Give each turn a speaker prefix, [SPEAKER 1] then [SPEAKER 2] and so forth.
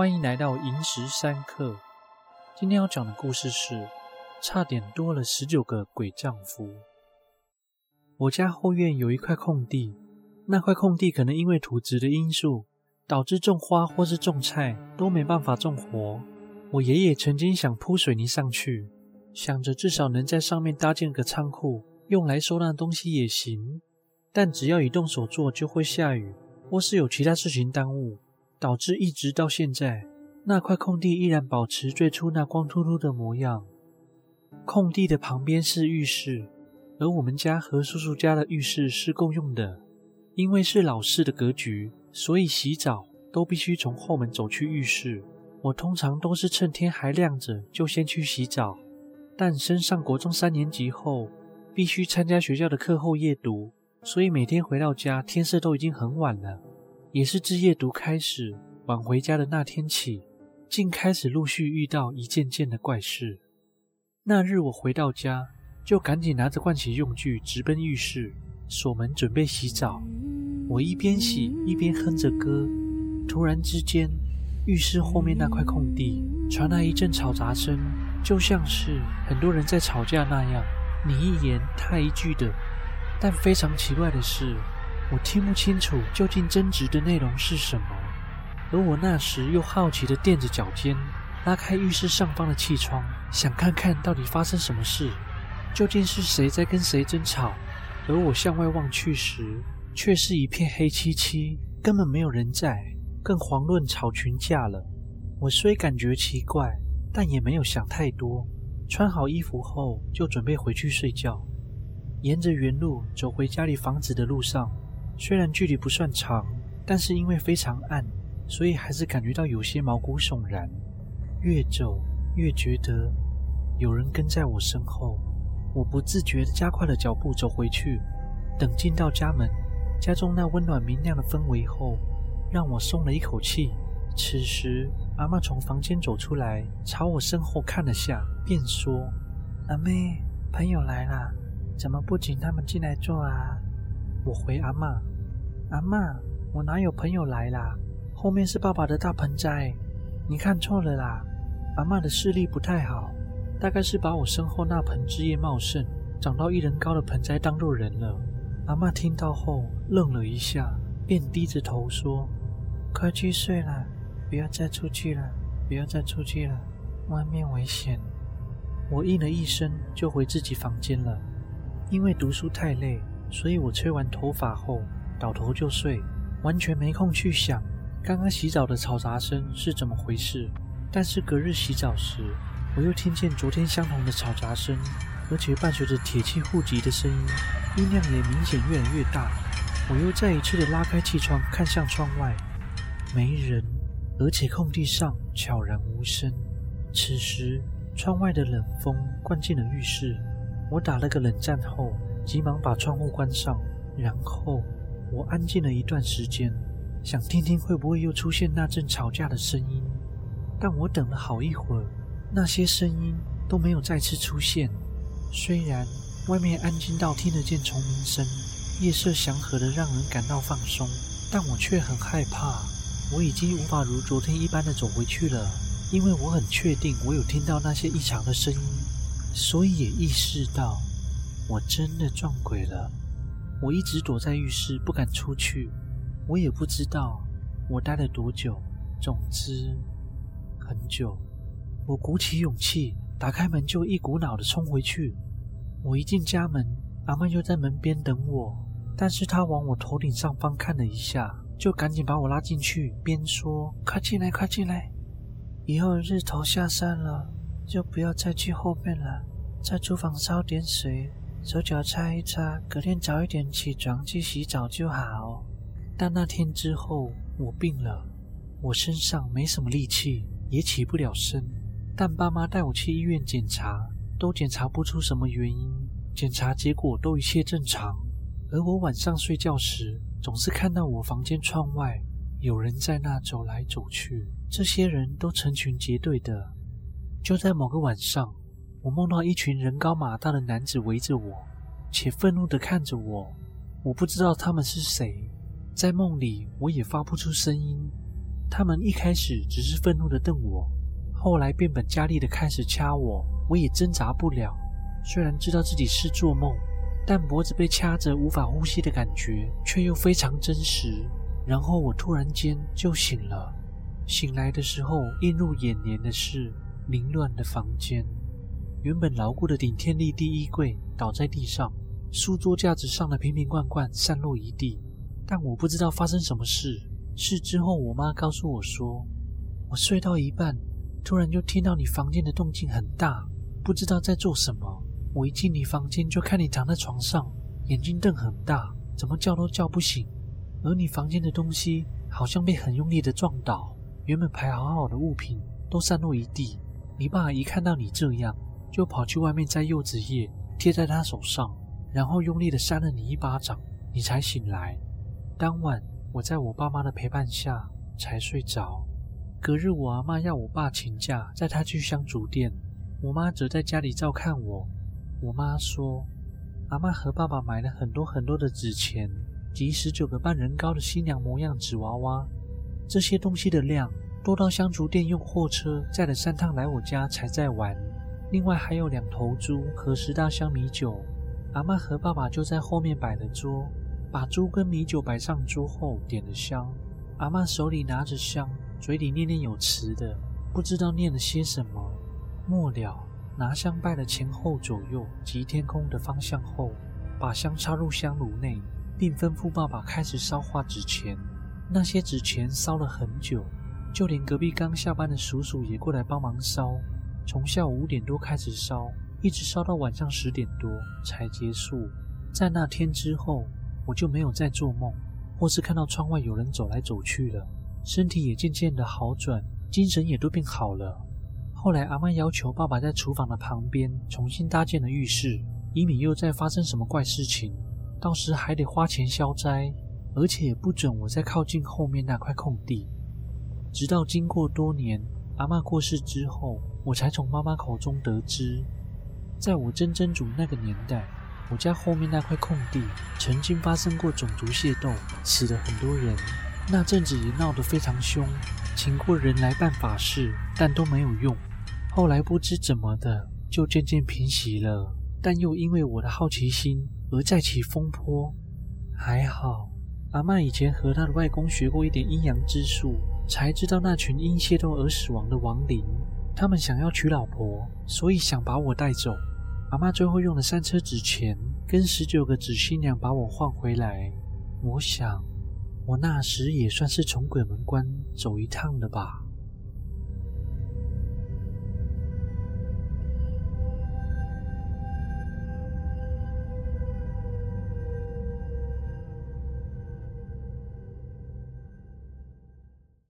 [SPEAKER 1] 歡迎來到《螢石三客》。今天要講的故事是：差點多了十九個鬼丈夫。我家後院有一塊空地，那塊空地可能因為土質的因素，導致種花或是種菜都沒辦法種活。我爺爺曾經想鋪水泥上去，想着至少能在上面搭建個倉庫，用來收納東西也行。但只要一動手做，就會下雨，或是有其他事情耽誤。導致一直到現在，那塊空地依然保持最初那光禿禿的模樣。空地的旁邊是浴室，而我們家和叔叔家的浴室是共用的。因為是老式的格局，所以洗澡都必須從後門走去浴室。我通常都是趁天還亮着就先去洗澡，但升上國中三年級後，必須參加學校的課後夜讀，所以每天回到家天色都已經很晚了。也是自夜讀開始，晚回家的那天起，竟開始陸續遇到一件件的怪事。那日我回到家，就趕緊拿着盥洗用具直奔浴室，鎖門準備洗澡。我一邊洗一邊哼着歌，突然之間，浴室後面那塊空地傳來一陣吵雜聲，就像是很多人在吵架那樣，你一言他一句的。但非常奇怪的是。我聽不清楚究竟爭執的內容是什麼，而我那時又好奇地墊着腳尖拉開浴室上方的氣窗，想看看到底發生什麼事，究竟是誰在跟誰爭吵。而我向外望去時，卻是一片黑漆漆，根本沒有人在，更遑論吵群架了。我雖感覺奇怪，但也沒有想太多。穿好衣服後，就準備回去睡覺。沿着原路走回家裡房子的路上。雖然距離不算長，但是因為非常暗，所以還是感覺到有些毛骨悚然。越走越覺得有人跟在我身後，我不自覺加快了腳步走回去。等進到家門，家中那溫暖明亮的氛圍後，讓我鬆了一口氣。此時，阿嬤從房間走出來，朝我身後看了下，便說：“阿妹，朋友來了，怎麼不請他們進來坐啊？”我回阿嬤。」阿媽，我哪有朋友來啦？後面是爸爸的大盆栽，你看錯了啦。阿媽的視力不太好，大概是把我身後那盆枝葉茂盛、長到一人高的盆栽當路人了。阿媽聽到後愣了一下，便低着頭說：“快去睡啦，不要再出去了，不要再出去了，外面危險。”我應了一聲，就回自己房間了。因為讀書太累，所以我吹完頭髮後，倒頭就睡，完全沒空去想剛剛洗澡的吵雜聲是怎麼回事。但是隔日洗澡時，我又聽見昨天相同的吵雜聲，而且伴隨着鐵器互擊的聲音，音量也明顯越來越大。我又再一次的拉開氣窗，看向窗外，沒人，而且空地上悄然無聲。此時，窗外的冷風灌進了浴室，我打了個冷戰後，急忙把窗戶關上，然後。我安靜了一段時間，想聽聽會不會又出現那陣吵架的聲音，但我等了好一會兒，那些聲音都沒有再次出現。雖然外面安靜到聽得見蟲鳴聲，夜色祥和的讓人感到放鬆，但我卻很害怕。我已經無法如昨天一般的走回去了，因為我很確定我有聽到那些異常的聲音，所以也意識到我真的撞鬼了。我一直躲在浴室不敢出去，我也不知道我待了多久，總之很久。我鼓起勇氣打開門，就一股腦的衝回去。我一進家門，阿嬤就在門邊等我，但是他往我頭頂上方看了一下，就趕緊把我拉進去，邊說：“快進來，快進來！以後日頭下山了就不要再去後面了，在廚房燒點水。”手腳擦一擦，隔天早一點起床去洗澡就好。但那天之後，我病了，我身上沒什麼力氣，也起不了身。但爸媽帶我去醫院檢查，都檢查不出什麼原因，檢查結果都一切正常。而我晚上睡覺時，總是看到我房間窗外有人在那走來走去，這些人都成群結隊的。就在某個晚上，我夢到一群人高馬大的男子圍着我，且憤怒地看着我。我不知道他們是誰。在夢裡，我也發不出聲音。他們一開始只是憤怒地瞪我，後來變本加厲地開始掐我，我也掙扎不了。雖然知道自己是做夢，但脖子被掐着無法呼吸的感覺卻又非常真實。然後我突然間就醒了。醒來的時候，映入眼簾的是凌亂的房間。原本牢固的頂天立地衣櫃倒在地上，書桌架子上的瓶瓶罐罐散落一地。但我不知道發生什麼事。事之後，我媽告訴我說，我睡到一半，突然就聽到你房間的動靜很大，不知道在做什麼。我一進你房間就看你躺在床上，眼睛瞪很大，怎麼叫都叫不醒。而你房間的東西好像被很用力的撞倒，原本排好好的物品都散落一地。你爸一看到你這樣。就跑去外面摘柚子葉，貼在他手上，然後用力地扇了你一巴掌，你才醒來。當晚，我在我爸媽的陪伴下才睡着。隔日，我阿媽要我爸請假，帶他去香燭店，我媽則在家裡照看我。我媽說，阿媽和爸爸買了很多很多的紙錢及十九個半人高的新娘模樣紙娃娃，這些東西的量多到香燭店用貨車載了三趟來我家才載完。另外還有兩頭豬和十大箱米酒，阿媽和爸爸就在後面擺了桌，把豬跟米酒擺上桌後點了香。阿媽手裡拿着香，嘴裡念念有詞的，不知道念了些什麼。末了，拿香拜了前後左右及天空的方向後，把香插入香爐內，並吩咐爸爸開始燒化紙錢。那些紙錢燒了很久，就連隔壁剛下班的叔叔也過來幫忙燒。從下午五點多開始燒，一直燒到晚上十點多才結束。在那天之後，我就沒有再做夢，或是看到窗外有人走來走去了。身體也漸漸的好轉，精神也都變好了。後來阿媽要求爸爸在廚房的旁邊重新搭建了浴室，以免又再發生什麼怪事情，到時還得花錢消災，而且也不准我再靠近後面那塊空地。直到經過多年，阿媽過世之後。我才從媽媽口中得知，在我曾曾祖那個年代，我家後面那塊空地曾經發生過種族械鬥，死了很多人。那陣子也鬧得非常凶，請過人來辦法事，但都沒有用。後來不知怎麼的，就漸漸平息了。但又因為我的好奇心，而再起風波。還好，阿嬤以前和他的外公學過一點陰陽之術，才知道那群因械鬥而死亡的亡靈。他們想要娶老婆，所以想把我帶走。阿媽最後用了三車紙錢跟十九個紙新娘把我換回來。我想，我那時也算是從鬼門關走一趟了吧。